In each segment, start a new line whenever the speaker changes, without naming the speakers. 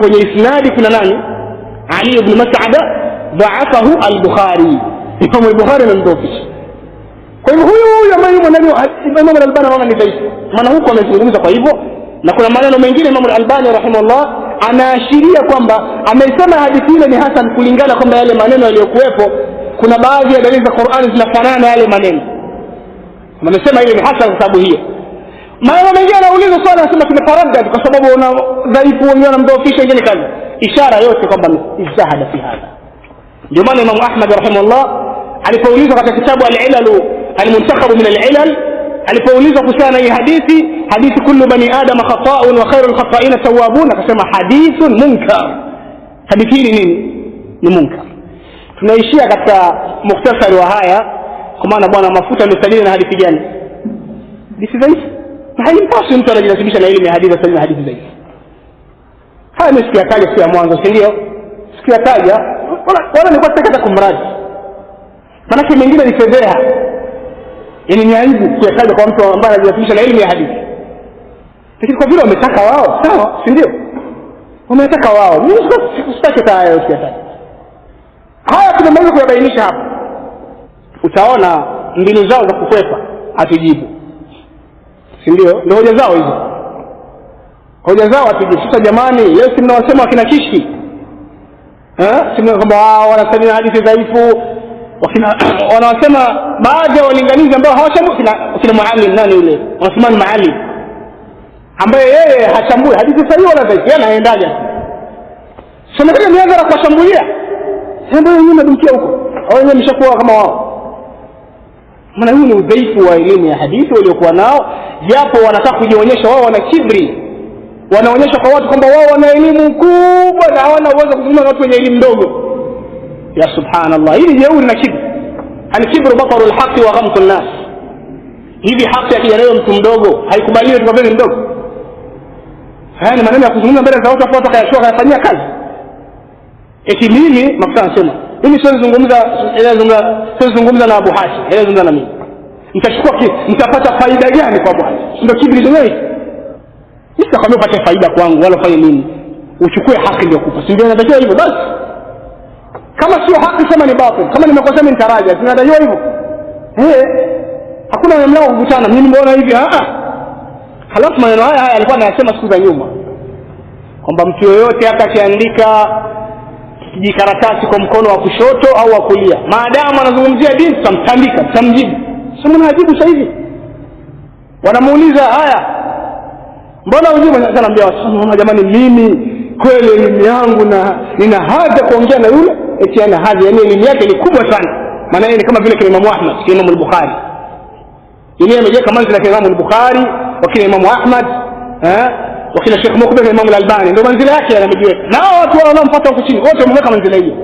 kwenye isnadi kuna nani ali ibn mas'ada dhaafahu al-bukhari imam al-bukhari amemdhoofisha kwa hivyo huyu huyu ambaye yumo ndani imam al-albani anaona ni dhaifu maana huko amezungumza kwa hivyo na kuna maneno mengine imam al-albani rahimahullah anaashiria kwamba amesema hadithi ile ni hasan kulingana kwamba yale maneno yaliyokuwepo kuna baadhi ya dalili za Qur'ani zinafanana yale maneno amesema ile ni hasan kwa sababu hiyo Maana mengine anauliza swali anasema tumetaradda kwa sababu una dhaifu wengine wanamdhoofisha wengine kali Ishara yote kwamba izahada fi hadha. Ndio maana imamu Ahmad rahimahullah alipoulizwa katika kitabu alilalu ilal min alilal alipoulizwa kuhusiana na hii hadithi hadithi kullu bani adama khata'un wa khairu khata'ina tawabun akasema hadithun munkar. Hadithi hii ni nini? Ni munkar. Tunaishia katika muktasari wa haya kwa maana bwana mafuta amesalia na hadithi gani? Hadithi dhaifu. haimpasi mtu anajilazimisha na elimu ya hadithi asome hadithi zaidi haya mi sikuyataja siku ya mwanzo si ndio sikuyataja wala nikuwa sitaki hata kumradi maanake mengine ni fedheha yani ni aibu kuyataja kwa mtu ambaye anajilazimisha na elimu ya hadithi lakini kwa vile wametaka wao sawa si wametaka wao mi sikuyataja haya tumemaliza kuyabainisha hapa utaona mbinu zao za kukwepa hatujibu sindio ndo hoja zao hizo ah. hoja zao atujifuta. Jamani, leo si mnawasema wakina Kishki kwamba ah, wao hadithi dhaifu, wanawasema baadhi ya walinganizi ambao hawachambui, kina nani yule Uthman Maali ambaye yeye hachambui hadithi sahihi wala dhaifu, yeye anaendaja semekana nianza na kuwashambulia ambayo wenyewe madumkia huko au wenyewe ameshakuwa kama wao. Maana huu ni udhaifu wa elimu ya hadithi waliokuwa nao japo wanataka kujionyesha wao wana kibri wanaonyesha kwa watu kwamba wao wana elimu kubwa na hawana uwezo kuzungumza na watu wenye elimu ndogo ya subhanallah hili jeuri na kibri alkibru bataru lhaqi wa ghamtu nnas hivi haki ya kijana mtu mdogo haikubaliwi kwa vile mdogo haya ni maneno ya kuzungumza mbele za watu afu watu akayachukua akayafanyia kazi eti mimi mafuta anasema mimi siwezi zungumza siwezi zungumza na abu hashim siwezi zungumza na mimi mtachukua mtapata faida gani kwa bwana ndio kibri doi nisitakwambia upate faida kwangu wala ufanye nini uchukue haki iliyokupa si ndio inatakiwa hivyo basi kama sio haki sema ni bapo kama nimekosea mi nitaraja si hivyo hakuna mamlaka kukutana mimi nimeona hivi halafu maneno haya haya alikuwa anayasema siku za nyuma kwamba mtu yoyote hata akiandika kijikaratasi kwa mkono wa kushoto au wa kulia maadamu anazungumzia dini tutamtandika tutamjibu si mnajibu sasa hivi wanamuuliza haya mbona ujue anaambia wasema jamani mimi kweli elimu yangu na nina hadhi kuongea na yule eti ana hadhi yani elimu yake ni kubwa sana maana ni kama vile kina imamu ahmad kina imamu al-bukhari yaani yeye amejiweka manzila kina imamu al-bukhari wakina imamu ahmad eh wakina sheikh mukbil na imamu al-albani ndio manzila yake amejiweka na watu wanaomfuata huko chini wote wameweka manzila hiyo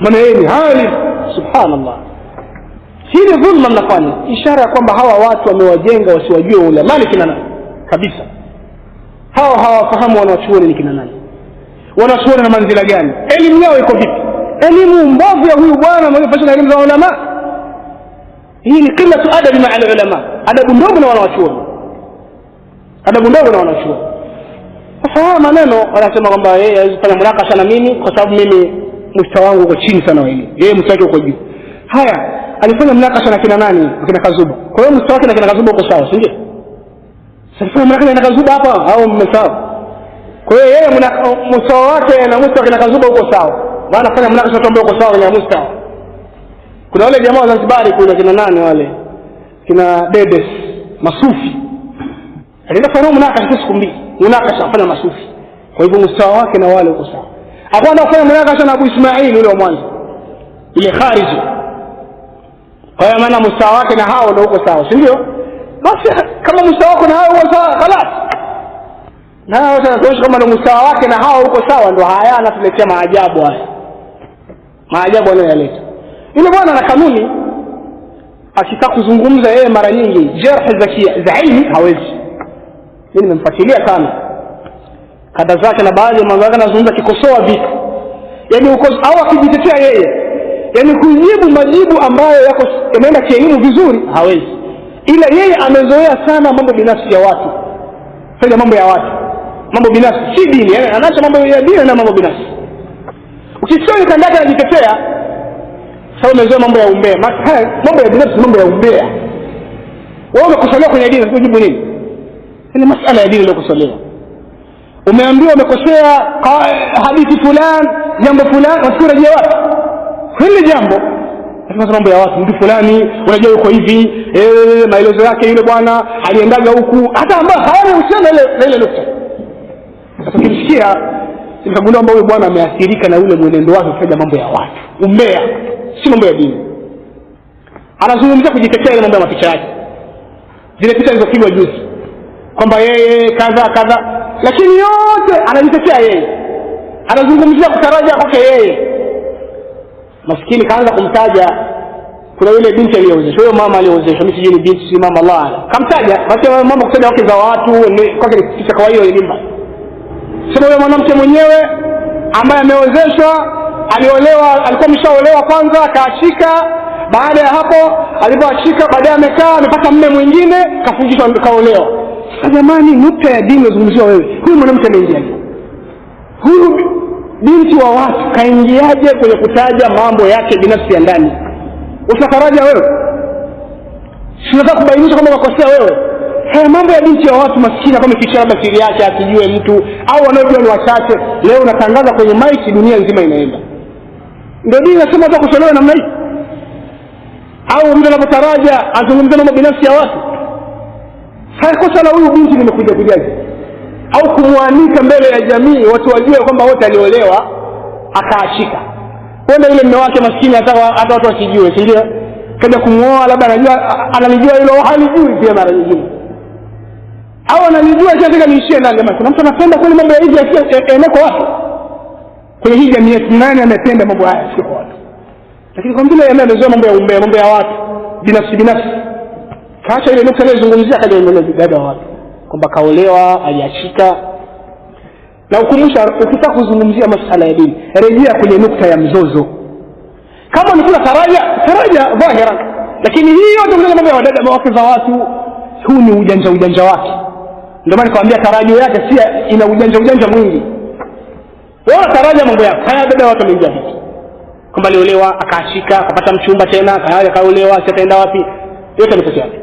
maana yeye ni hali subhanallah hii ni dhulma mnafanya ishara ya kwamba hawa watu wamewajenga wasiwajue ulama ni kina nani kabisa hawa hawafahamu wanawachuoni ni kina nani wanachuoni na manzila gani elimu yao iko vipi elimu mbovu ya huyu bwana mwenye elimu za ulama hii ni qillatu adabi maa alulama adabu ndogo na wanawachuoni adabu ndogo na wanawachuoni sasa haya maneno wanasema kwamba yeye hawezi kufanya munakasha na mimi kwa sababu mimi mustawa wangu uko chini sana wa elimu yeye mustawa wake uko juu haya alifanya mnakasha na kina nani kina Kazuba. Kwa hiyo mstari wake na kina Kazuba uko sawa, si ndio? Sasa mnakasha na Kazuba hapa au mmesawa Kwa hiyo yeye mstari wake na mstari kina Kazuba uko sawa, maana fanya mnakasha tu ambao uko sawa na mstari. Kuna wale jamaa wa Zanzibar kuna kina nani wale kina Dedes Masufi alienda kwa nomu mnakasha siku mbili, mnakasha afanya Masufi. Kwa hivyo mstari wake na wale uko sawa. akwenda anafanya mnakasha na Abu Ismail yule wa mwanzo ile khariji kwa hiyo maana mustawa wake na hao ndo uko sawa si ndio basi kama mustawa wako na hao uko sawa halas na hao tunakuonyesha kama wake na hao uko sawa ndo haya anatuletea maajabu haya maajabu anayoyaleta yule bwana na kanuni akitaka kuzungumza yeye mara nyingi jerhi za zaini hawezi mi nimemfuatilia sana kada zake na baadhi ya mambo yake anazungumza akikosoa vitu yaani au akijitetea yeye yani kujibu majibu ambayo yako yanaenda kielimu vizuri hawezi, ila yeye amezoea sana mambo binafsi ya watu, fanya mambo ya watu, mambo binafsi, si dini. Yani anaacha mambo ya dini na mambo binafsi. Ukisikia kandaka anajitetea, sababu amezoea mambo ya umbea, haya mambo ya binafsi, mambo ya umbea. Wewe umekosolewa kwenye dini, unajibu nini? Ni masala ya dini iliyokosolewa umeambiwa umekosea hadithi fulani, jambo fulani, wasirejea wapi? hili jambo sasa mambo ya watu, mtu fulani unajua uko hivi ee, maelezo yake yule bwana aliendaga huku, hata ambayo hayana uhusiano na ile nukta. Sasa ukimsikia nikagundua kwamba huyu bwana ameathirika na ule mwenendo wake kufanya mambo ya watu, umbea, si mambo ya dini. Anazungumzia kujitetea ile mambo ya mapicha yake, zile picha alizopigwa juzi, kwamba yeye kadha kadha, lakini yote anajitetea yeye, anazungumzia kutaraja kwake yeye maskini kaanza kumtaja kuna yule binti aliyozeshwa huyo mama aliyeozeshwa mimi sijui ni binti si mama Allah ala kamtaja basi mama kutaja wake za watu kwake ni kitu cha kawaida sema huyo mwanamke mwenyewe ambaye ameozeshwa aliolewa alikuwa ameshaolewa kwanza akaashika baada ya hapo alipoachika baadaye amekaa amepata mme mwingine kafungishwa kaolewa sasa jamani nukta ya dini nazungumziwa wewe huyu mwanamke ameingia huyu binti wa watu kaingiaje kwenye kutaja mambo yake binafsi ya ndani utakaraja wewe sinataka kubainisha kwamba makosea wewe haya mambo ya binti ya watu maskini kama kicha labda siri yake asijue mtu au wanaojua ni wachache leo unatangaza kwenye maiki dunia nzima inaenda ndio dini nasema watu wakosolewe namna hii au mtu anapotaraja azungumze mambo binafsi ya watu haya kosa la huyu binti limekuja kujaji au kumwanika mbele ya jamii watu wajue kwamba wote aliolewa akaashika kwenda yule mme wake maskini hata watu wasijue sindio kaja kumwoa labda anajua analijua hilo halijui pia mara nyingine au analijua shataka niishie ndani jamani kuna mtu anapenda kweli mambo ya hivi e, e, eneko wapi kwenye hii jamii yetu nani amependa mambo haya sio kwa watu lakini kwa vile ameelezewa mambo ya umbea mambo ya watu binafsi binafsi kaacha ile nukta aliyozungumzia akaja dada wa watu kwamba kaolewa ajachika na ukumbusha ukitaka kuzungumzia masala ya dini rejea kwenye nukta ya mzozo kama ni kuna faraja faraja dhahira lakini hii yote kuna mambo ya wadada wake za watu huu ni ujanja ujanja wake ndio maana nikwambia tarajio yake si ina ujanja ujanja mwingi wewe taraja mambo yako haya dada watu wameingia vipi kwamba aliolewa akaashika akapata mchumba tena kaolewa sitaenda wapi yote ni kwa sababu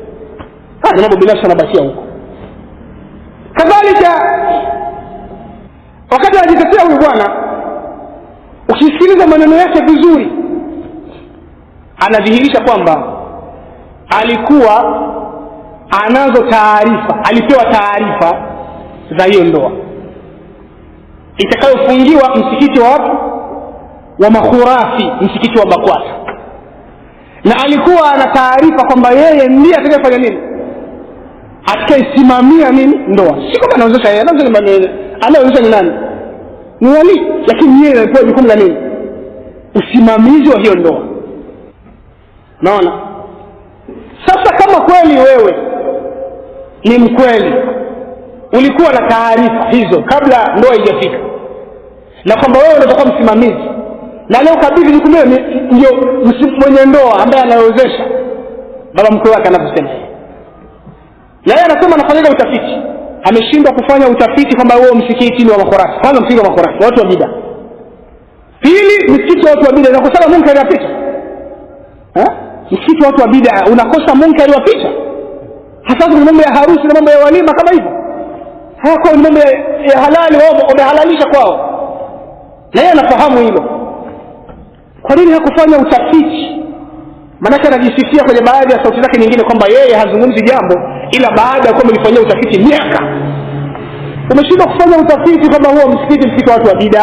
hapo mambo binafsi anabakia huko kadhalika wakati anajitetea huyu bwana ukisikiliza maneno yake vizuri anadhihirisha kwamba alikuwa anazo taarifa alipewa taarifa za hiyo ndoa itakayofungiwa msikiti wa watu wa makhurafi msikiti wa bakwata na alikuwa ana taarifa kwamba yeye ndiye atakayefanya nini atakaisimamia nini ndoa si kwamba anawezesha yeye anaweza anawezesha ni nani ni wali lakini yeye anapewa jukumu la nini usimamizi wa hiyo ndoa naona sasa kama kweli wewe ni mkweli ulikuwa na taarifa hizo kabla ndoa ijafika na kwamba wewe unatakuwa msimamizi na leo kabidhi jukumu ndio mwenye ndoa ambaye anawezesha baba mkwe wake anavyosema na yeye anasema anafanyaga utafiti ameshindwa kufanya utafiti kwamba huo msikiti ni wa makhurafi kwanza msikiti wa makhurafi watu wa bida pili msikiti wa watu wa bida inakosaga munkari ya picha msikiti wa watu wa bida unakosa munkari wa picha hasa kwenye mambo ya harusi na mambo ya walima kama hivyo hayako ni mambo ya halali wao wamehalalisha kwao na yeye anafahamu hilo kwa nini hakufanya utafiti manake anajisifia kwenye baadhi ya sauti zake nyingine kwamba yeye hazungumzi jambo ila baada ya kuwa amelifanyia utafiti miaka umeshindwa kufanya utafiti kwamba huo msikiti msikiti watu wa bida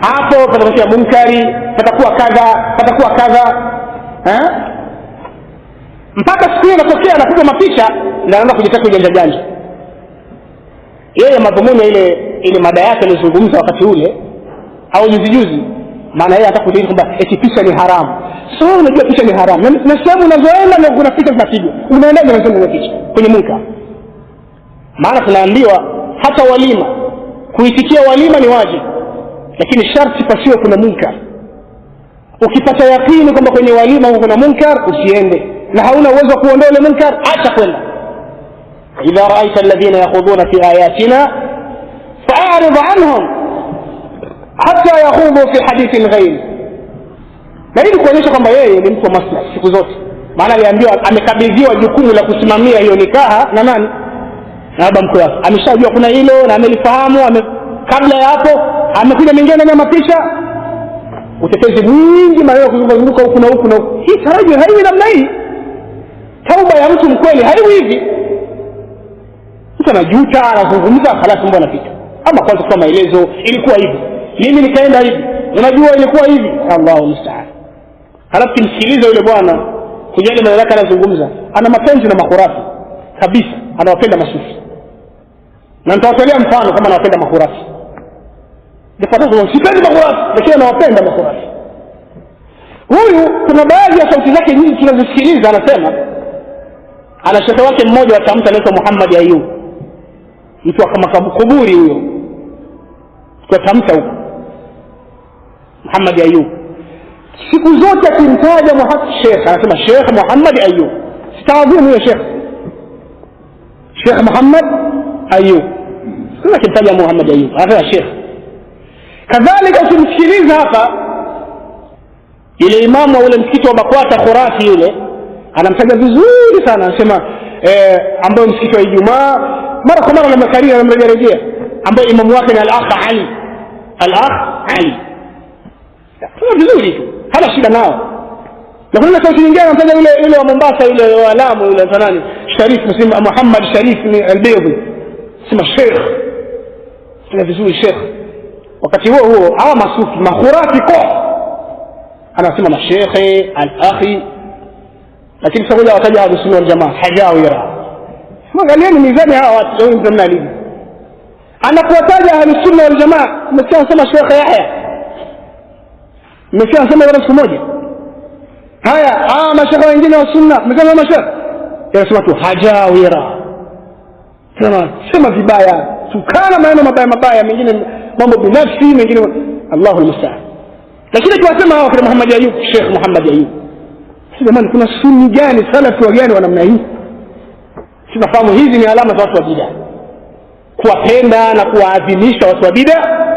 hapo patatokea munkari patakuwa kadha patakuwa kadha eh? mpaka siku hiyo anatokea anapiga mapicha na kujitaka ujanja janja yeye madhumuni ya ile ile mada yake aliyozungumza wakati ule au juzijuzi maana yeye hata kwamba eti picha ni haramu so unajua picha ni haramu na sehemu unazoenda na kuna picha zinapigwa unaendaje na sehemu picha kwenye munka maana tunaambiwa hata walima kuitikia walima ni wajibu lakini sharti pasiwe kuna munkar ukipata yakini kwamba kwenye walima kuna munkar usiende na hauna uwezo wa kuondoa ule munkar acha kwenda idha raaita alladhina yakhudhuna fi ayatina faarid anhum hata yakhudhu fi hadithin ghairi na hii ni kuonyesha kwamba yeye ni mtu wa maslahi siku zote maana aliambiwa amekabidhiwa jukumu la kusimamia hiyo nikaha na nani na baba mkwe wake ameshajua kuna hilo na amelifahamu ame, kabla ya hapo amekuja mengine ndani mapisha utetezi mwingi maneno kuzungazunguka huku na huku na huku hii taraji haiwi namna hii tauba ya mtu mkweli haiwi hivi mtu anajuta anazungumza halafu mbo anapita ama kwanza kutoa maelezo ilikuwa hivi mimi nikaenda hivi unajua ilikuwa hivi allahu mstaan halafu kimsikiliza yule bwana kwenye yale yake anazungumza ana mapenzi na makhurafi kabisa anawapenda masufi na nitawatolea mfano kama anawapenda makhurafi sipendi makhurafi lakini anawapenda makhurafi huyu kuna baadhi ya sauti zake nyingi tunazosikiliza anasema ana shehe wake mmoja wa tamta anaitwa muhammadi ayub mtu akamakaburi huyo kwa tamta huko muhammadi ayub siku zote akimtaja shekh anasema shekh Muhammad Ayub, sitaadhimu ya shekh shekh Muhammad Ayub, akimtaja Muhammad Ayub anasema shekh Kadhalika ukimsikiliza hapa ile imamu wa ule msikiti wa Bakwata Khurafi yule anamtaja vizuri sana, anasema eh, ambayo msikiti wa Ijumaa mara kwa mara namakaria anamrejarejea ambayo imamu wake ni al Ali al Ali, vizuri tu hana shida nao na kuna sauti nyingine anataja yule yule wa Mombasa yule wa Lamu yule nani Sharif msema Muhammad Sharif al-Baydhi sema shekh sema vizuri shekh wakati huo huo hawa masufi mahurati ko anasema mashekhe al-akhi lakini sasa wakaja ahlu sunna wal jamaa hajawira angalieni mizani hawa watu leo mnalini anapotaja ahlu sunna wal jamaa msikia anasema Sheikh Yahya مشاه سنة ولا سمودي هيا آه مشاه عندنا السنة مقام مشاه يا سمعتوا حجاورة sema sema vibaya tukana maneno mabaya mabaya mengine mambo binafsi mengine Allahu almustaan lakini tuwasema hawa kwa Muhammad Ayub Sheikh Muhammad Ayub si jamani kuna sunni gani salafi wa gani wa namna hii sinafahamu hizi ni alama za watu wa bidaa kuwapenda na kuwaadhimisha watu wa bidaa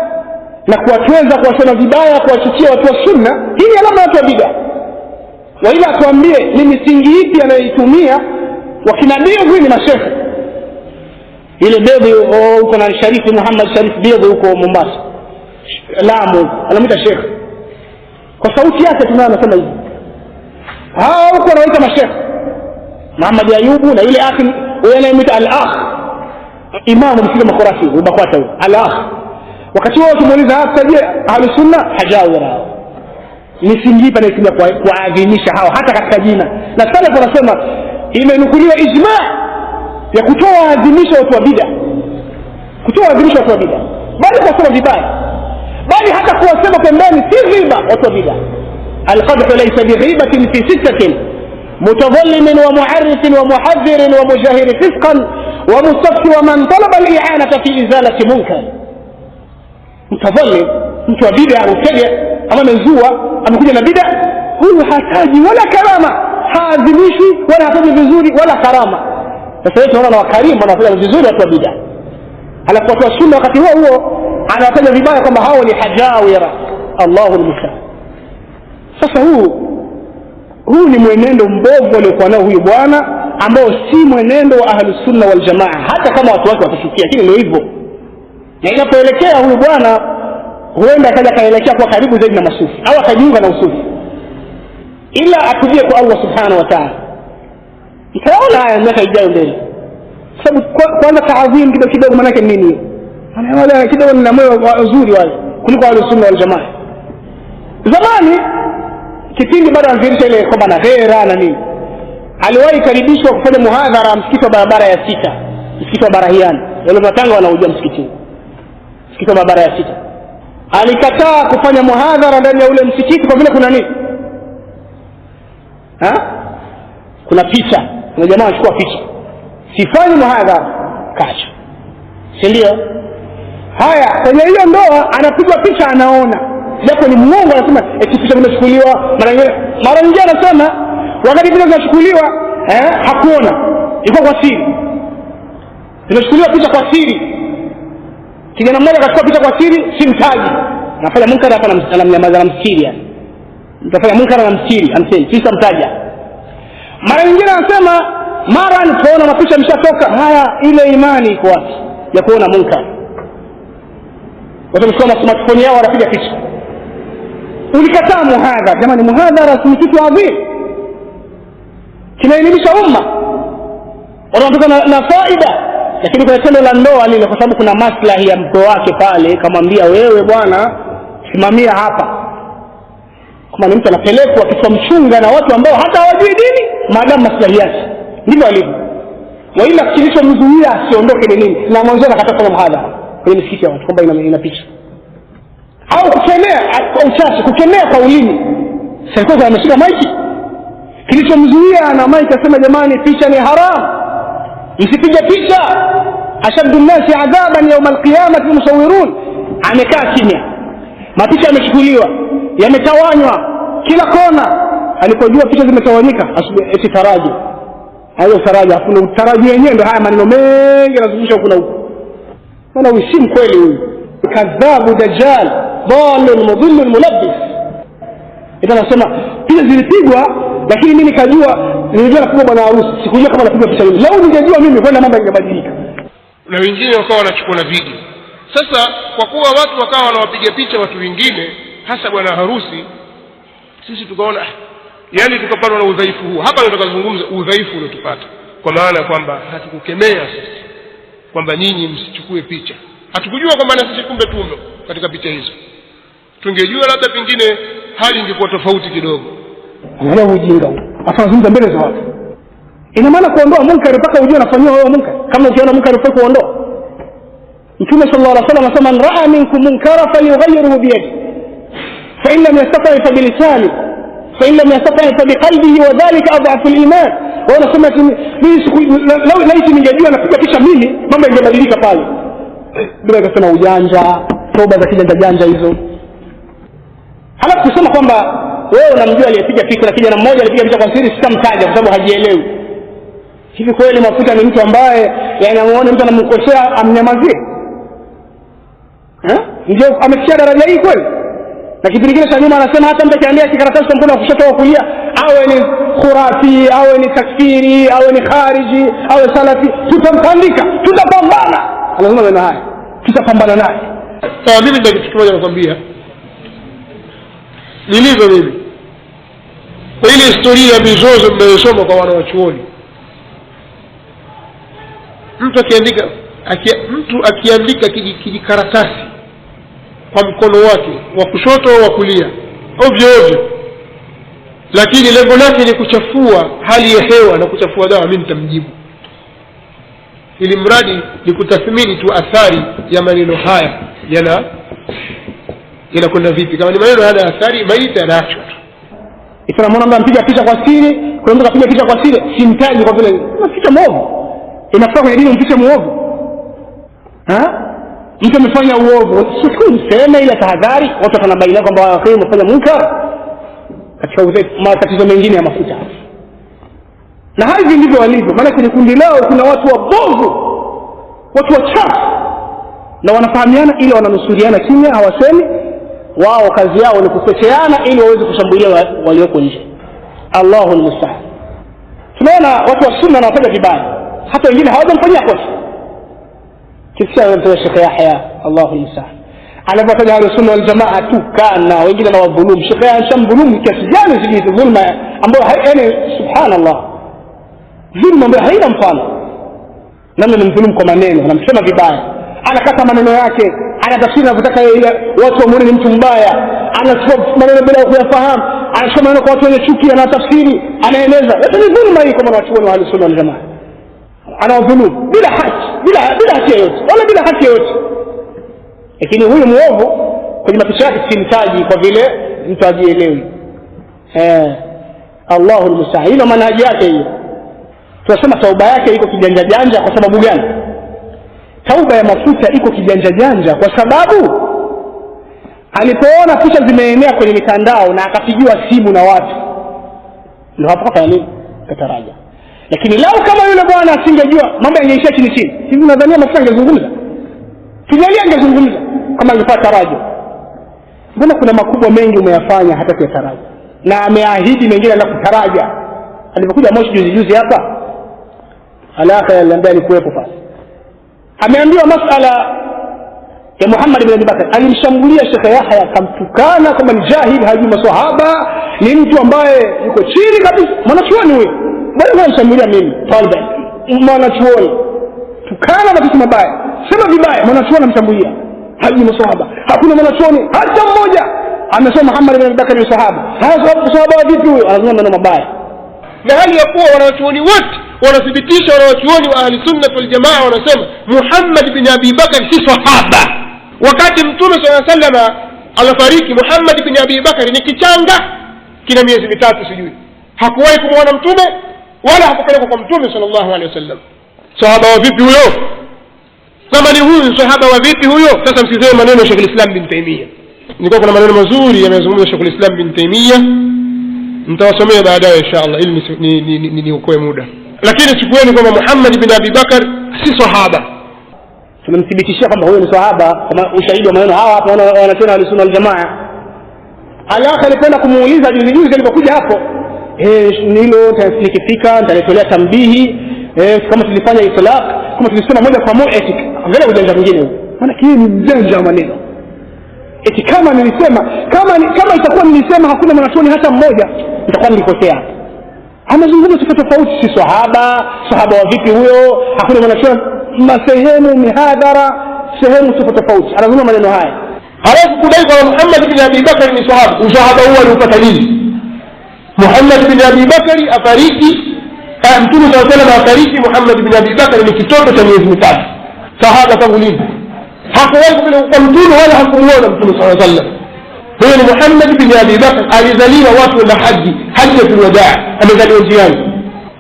na kuwatweza kuwasema vibaya kuwachukia watu wa sunna hii ni alama ya watu wa bida waila atuambie ni misingi ipi anayoitumia wakina bedhi ni mashehe ile bedhi oh, huko oh, na sharifu muhammad sharif bedhi huko mombasa lamu anamwita shekhe kwa sauti yake tunayo anasema hivi hawa huko anawaita mashekhe muhammad ayubu na yule akhi huyo anayemwita al akh imamu msile makorafi ubakwata huyo al akh wakati wao wakimuuliza hasa je ahlusunna hajawira hao misingi ipi anayotumia kuwaadhimisha hao hata katika jina na salaf wanasema imenukuliwa ijma ya kutoa waadhimisha watu wa bida kutoa waadhimisha watu wa bida bali kuwasema vibaya bali hata kuwasema pembeni si riba watu wa bida alqadhu laysa bighibatin fi sittatin mutadhallimin wa mu'arrifin wa muhadhirin ومستفتي ومن طلب الإعانة في إزالة منكر mtadhalim mtu wa bida anautega ama amezua amekuja na bida huyu hataji wala karama haadhimishi wala hataji vizuri wala karama sasa hivi tunaona na wakarimu wanafanya vizuri watu wa bida alafu watu wa sunna wakati huo huo anawataja vibaya kwamba hao ni hajawira allahu lmustaan sasa huu huu ni mwenendo mbovu aliokuwa nao huyu bwana ambao si mwenendo wa ahlusunna waljamaa hata kama watu wake watachukia lakini ndio hivyo na inapoelekea huyu bwana huenda akaja akaelekea kuwa karibu zaidi na masufi au akajiunga na usufi ila akujie kwa allah subhanahu wataala ntaona haya miaka ijayo mbele sababu kwanza taadhim kidogo kidogo maanake nini wale kidogo nina moyo wazuri wale kuliko wale sunna wal zamani kipindi bado anzirisha ile koba na ghera na nini aliwahi karibishwa kufanya muhadhara msikiti wa barabara ya sita msikiti wa barahiani wale wanaujua msikitini tukisoma bara ya sita alikataa kufanya muhadhara ndani ya ule msikiti kwa vile kuna nini ha? kuna picha kuna jamaa anachukua picha sifanyi muhadhara kacho sindio haya kwenye hiyo ndoa anapigwa picha anaona japo ni mwongo anasema eti picha zinachukuliwa mara nyingine mara nyingine anasema wakati picha zinachukuliwa eh, hakuona ilikuwa kwa siri zinachukuliwa picha kwa siri kijana mmoja katika pita kwa siri simtaji nafanya munkara hapa anamnyamaza namstiri yani tafanya munkara namstiri amsemi sitamtaja mara nyingine anasema mara nikuona mapisha ameshatoka haya ile imani iko wapi ya kuona munkara watu wamechukua yao wanapiga picha ulikataa muhadhar jamani muhadhara si kitu adhim kinaelimisha umma wanaotoka na, na faida lakini kwenye tendo la ndoa lile kwa sababu kuna maslahi ya mko wake pale kamwambia wewe bwana simamia hapa kama ni mtu anapelekwa akifa mchunga na watu ambao hata hawajui dini maadamu maslahi yake ndivyo alivyo waila kilichomzuia asiondoke ni nini na mwanzo anakataa kufanya mhadhara kwenye misikiti ya watu kwamba inapisha au kukemea kwa uchache kukemea kwa ulimi serikali ameshika maiki kilichomzuia na maiki asema jamani picha ni haramu msipiga picha ashaddu nnasi adhaban yauma alqiyamati musawirun amekaa kimya mapicha yamechukuliwa yametawanywa kila kona alipojua picha zimetawanyika eti taraji hayo taraji afu taraji wenyewe ndo haya maneno mengi anazungusha kuna huku maana huyu si mkweli huyu kadhabu dajal dalun mudhillun mulabis ita anasema picha zilipigwa lakini mi nikajua nilijua napigwa bwana harusi, sikujua kama napigwa picha Lau ningejua mimi, kwenda mambo yangebadilika.
Na wengine wakawa wanachukua na video. Sasa kwa kuwa watu wakawa wanawapiga picha watu wengine, hasa bwana harusi, sisi tukaona ah, yani, tukapatwa na udhaifu huu. Hapa ndio udhaifu uliotupata, kwa maana ya kwamba hatukukemea sisi kwamba nyinyi msichukue picha. Hatukujua kwa maana sisi kumbe tumo katika picha hizo. Tungejua labda pengine hali ingekuwa tofauti kidogo.
angalia ujinga huu afa nazungumza mbele za watu ina maana kuondoa munkari mpaka ujue unafanyiwa wewe munkari kama ukiona munkari ufai kuondoa mtume sallallahu alaihi wasallam asema man raa minkum munkara falyughayyiruhu biyadi fa in lam yastati fa bilisani fa in lam yastati fa biqalbihi wa dhalika adhafu aliman wao nasema mimi siku laiti ningejua napiga picha mimi mambo yangebadilika pale bila kasema ujanja toba za kijanja janja hizo halafu kusema kwamba wewe unamjua aliyepiga picha na kijana mmoja alipiga picha kwa siri sitamtaja kwa sababu hajielewi hivi kweli mafuta ni mtu ambaye yanamuona mtu anamkosea amnyamazie eh? ndio amefikia daraja hii kweli na kipindi kile cha nyuma anasema hata mtu akiambia kikaratasi kwa mkono wa wa kulia awe ni khurafi awe ni takfiri awe ni khariji awe salafi tutamtandika tutapambana anasema maneno haya tutapambana naye
sawa mimi ndio kitu kimoja nakwambia nilivyo mimi kwa ile historia ya mizozo mnayosoma kwa wana wachuoni mtu akiandika akia, mtu akiandika kijikaratasi kiji kwa mkono wake wa kushoto au wa kulia ovyo ovyo lakini lengo lake ni kuchafua hali ya hewa na kuchafua dawa mi nitamjibu ili mradi ni kutathmini tu athari ya maneno haya yana inakwenda vipi kama ni maneno hana athari maiti anaachwa tu
tunamwona mda mpiga picha kwa siri kuna mtu kapiga picha kwa siri simtaji kwa vile picha mwovu inafaa kwenye dini mpiche mwovu mtu amefanya uovu ile tahadhari watu kwamba ah, umefanya munkar katika matatizo mengine ya mafuta na hivi ndivyo walivyo maana kwenye kundi lao kuna watu wabovu watu wachafu na wanafahamiana wananusuriana kimya hawasemi wao kazi yao ni kuchocheana ili waweze kushambulia walioko nje allahu lmustahil tunaona watu wa sunna wanawafanya vibaya hata wengine hawajamfanyia kosa kisa shekhe yahya allahu lmustahil anavyofanya ahlusunna waljamaa tu kana wengine na wadhulumu shekhe yahya nshamdhulumu kiasi gani zilizo dhulma ambayo yani subhanallah dhulma ambayo haina mfano namna ni mdhulumu kwa maneno anamsema vibaya anakata maneno yake anatafsiri anavyotaka watu wamwone ni mtu mbaya anachukua maneno bila kuyafahamu anachukua maneno kwa watu wenye chuki anatafsiri anaeleza yote ni dhulma hii kwa wanachuoni wa ahlusunna waljamaa anawadhulumu bila haki bila bila haki yoyote wala bila haki yoyote lakini huyu muovu kwenye mapicho yake simtaji kwa vile mtu ajielewi eh Allahu almusta'in manhaji yake hiyo tunasema tauba yake iko kijanjajanja kwa sababu gani Tauba ya mafuta iko kijanja janja, kwa sababu alipoona picha zimeenea kwenye mitandao na akapigiwa simu na watu, ndo hapo kafanya nini? Kataraja. Lakini lau kama yule bwana asingejua, mambo yangeishia chini chini. Hivi nadhania mafuta angezungumza? kijalia angezungumza kama angepata taraja. Mbona kuna makubwa mengi umeyafanya hata kuyataraja, na ameahidi mengine na kutaraja. Alipokuja Moshi juzijuzi hapa, Alaka aliambia alikuwepo ameambiwa masala ya Muhammad bin abibakar alimshambulia Shekhe Yahya akamtukana kwamba ni jahil, hajui masahaba ni mtu ambaye yuko chini kabisa, mwanachuoni huyo. Bwana mimi talib, mwanachuoni, tukana na vitu mabaya, sema vibaya, mwanachuoni amshambulia, hajui maswahaba. Hakuna mwanachuoni hata mmoja amesema Muhammad bin Abubakar ni sahaba. Haya, sahaba vipi huyo? Anazungumza maneno mabaya,
na hali ya kuwa wanachuoni wote wanathibitisha wanawachuoni wa ahlisunnat waljamaa wanasema muhammad bin abi bakari si sahaba wakati mtume saa salama anafariki muhammad bin abi bakari ni kichanga kina miezi mitatu sijui hakuwahi kumwona mtume wala hakupelekwa kwa mtume sal llahu alehi wasallam sahaba wa vipi huyo kama ni huyu sahaba wa vipi huyo sasa msikizeni maneno ya shekh lislam bin taimia nilikuwa kuna maneno mazuri yamezungumza shekh lislam bin taimia nitawasomea baadaye insha allah ili niokoe ni, ni, ni, ni muda lakini chukueni kwamba muhammad bin abi bakar si sahaba
tumemthibitishia kwamba huyu ni sahaba kama ushahidi wa maneno hawa hapa wanatena alisuna waljamaa alafu alikwenda kumuuliza juzi juzi alipokuja hapo eh, nilo nikifika nitalitolea tambihi eh, kama tulifanya itlaq kama tulisema moja kwa moja angalia ujanja mwingine huu maana hii ni ujanja wa maneno eti kama nilisema kama kama itakuwa nilisema hakuna mwanachoni hata mmoja nitakuwa nilikosea hapo amezungumza sifa tofauti si sahaba sahaba wa vipi huyo hakuna mwanasema masehemu mihadhara sehemu sifa tofauti anazungumza maneno haya
halafu kudai kwamba muhammad bin abi bakari ni sahaba usahaba huo aliupata lini muhammad bin abi bakari afariki mtume saa salam afariki muhammad bin abi bakari ni kitoto cha miezi mitatu sahaba tangu lini hakuwahi kwa mtume wala hakumuona mtume saa salam هو محمد بن أبي بكر علي زليل واسم الحج حجة الوداع أبي ذلك الجيان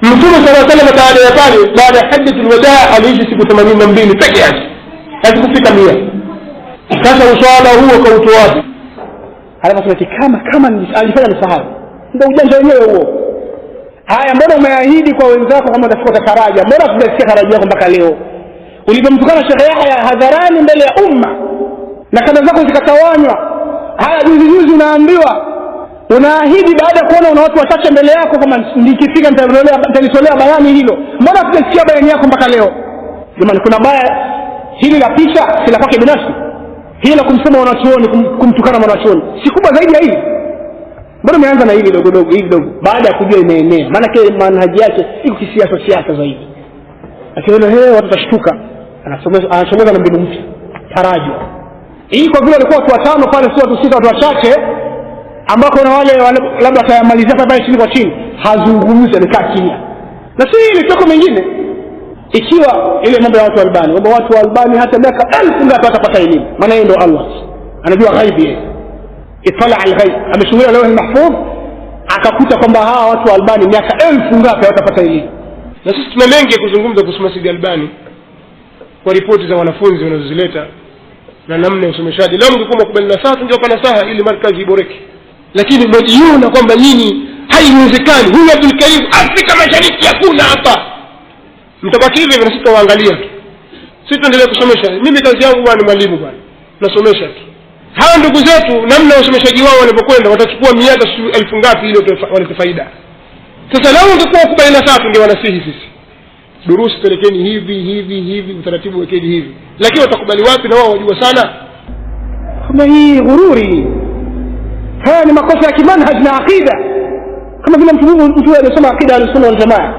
مصومة صلى الله عليه وسلم تعالى يطالي بعد حجة الوداع على إيجي سيكو ثمانين نمبيني تكي عشي هاتي في كمية كسر صالة هو كوتواب
هذا مصومة كاما كاما نسأل فلا نسأل ده وجان جانية هو هاي مرة ما يهيدي كو وانزاك وما تسكو تكراجة مرة تبسكي خراجة هم بكا ليه ولي بمتقال الشيخ يحيى هذران من الأمة نكذا زكو سيكتوانيو haya juzi juzi unaambiwa unaahidi baada ya kuona una watu wachache mbele yako kama nikifika nitalitolea bayani hilo mbona hatujasikia bayani yako mpaka leo jamani kuna baya hili la picha si la kwake binafsi hili la kumsema mwanachuoni kumtukana mwanachuoni si kubwa zaidi ya hili mbona umeanza na hili dogodogo dogo hili dogo baada ya kujua imeenea maanake manhaji yake iko kisiasa siasa zaidi akiona watu watashtuka anachomeza na mbinu mpya tarajwa hii kwa vile walikuwa watu watano pale, si watu sita, watu wachache, ambako na wale labda atayamalizia pale chini kwa chini, hazungumzi, alikaa kimya. Na si ile toko mengine, ikiwa ile mambo ya watu wa Albani, kwamba watu wa Albani hata miaka elfu ngapi watapata elimu, maana yeye ndo Allah anajua ghaibi, yeye itala alghaib, ameshughulia lewahi mahfudh, akakuta kwamba hawa watu wa Albani miaka elfu ngapi hawatapata elimu.
Na sisi tuna mengi ya kuzungumza kuhusu masidi Albani kwa ripoti za wanafunzi wanazozileta na namna ya usomeshaji leo mngekuwa makubali nasaha tungewapa nasaha ili markazi iboreke lakini mwajiona kwamba nyinyi haiwezekani huyu abdulkarim afrika mashariki hakuna hapa mtabaki hivyo na sitawaangalia tu si tuendelee kusomesha mimi kazi yangu bwana mwalimu bwana nasomesha tu hawa ndugu zetu namna ya usomeshaji wao wanavyokwenda watachukua miaka siu elfu ngapi ili walete faida sasa lao ungekuwa kubali nasaha tungewanasihi sisi durusi pelekeni hivi hivi hivi utaratibu wekeni hivi lakini watakubali wapi na wao wajua sana
kama hii ghururi haya ni makosa ya kimanhaj na aqida kama vile mtu mtu aliyosoma aqida alsunna waljamaa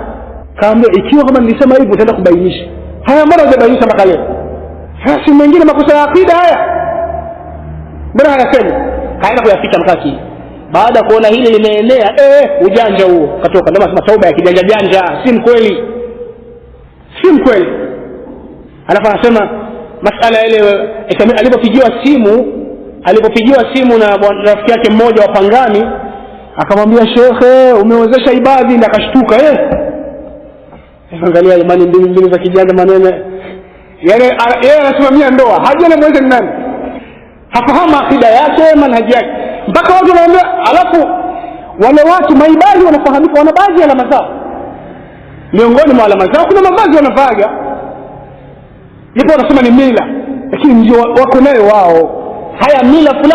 kaambia ikiwa kama nilisema hivi utaenda kubainisha haya mbona hujabainisha mpaka leo haya si mengine makosa ya aqida haya mbona hayasema kaenda kuyaficha mpaka kii baada ya kuona hili limeenea eh, ujanja huo katoka ndio tauba ya kijanja janja si mkweli si mkweli alafu anasema masala ile eh, alipopigiwa simu alipopigiwa simu na rafiki yake mmoja wapangani akamwambia shekhe umewezesha ibadhi ndi akashtuka eh? angalia imani mbili mbili za kijana maneno yeye anasimamia ndoa hajana mweze nani hafahamu akida yake manhaji yake mpaka watu wanaambia alafu wale watu maibali wanafahamika wana baadhi ya alama zao miongoni mwa alama zao kuna mavazi wanavaga japo wanasema ni mila lakini ndio wako nayo wao haya mila fulani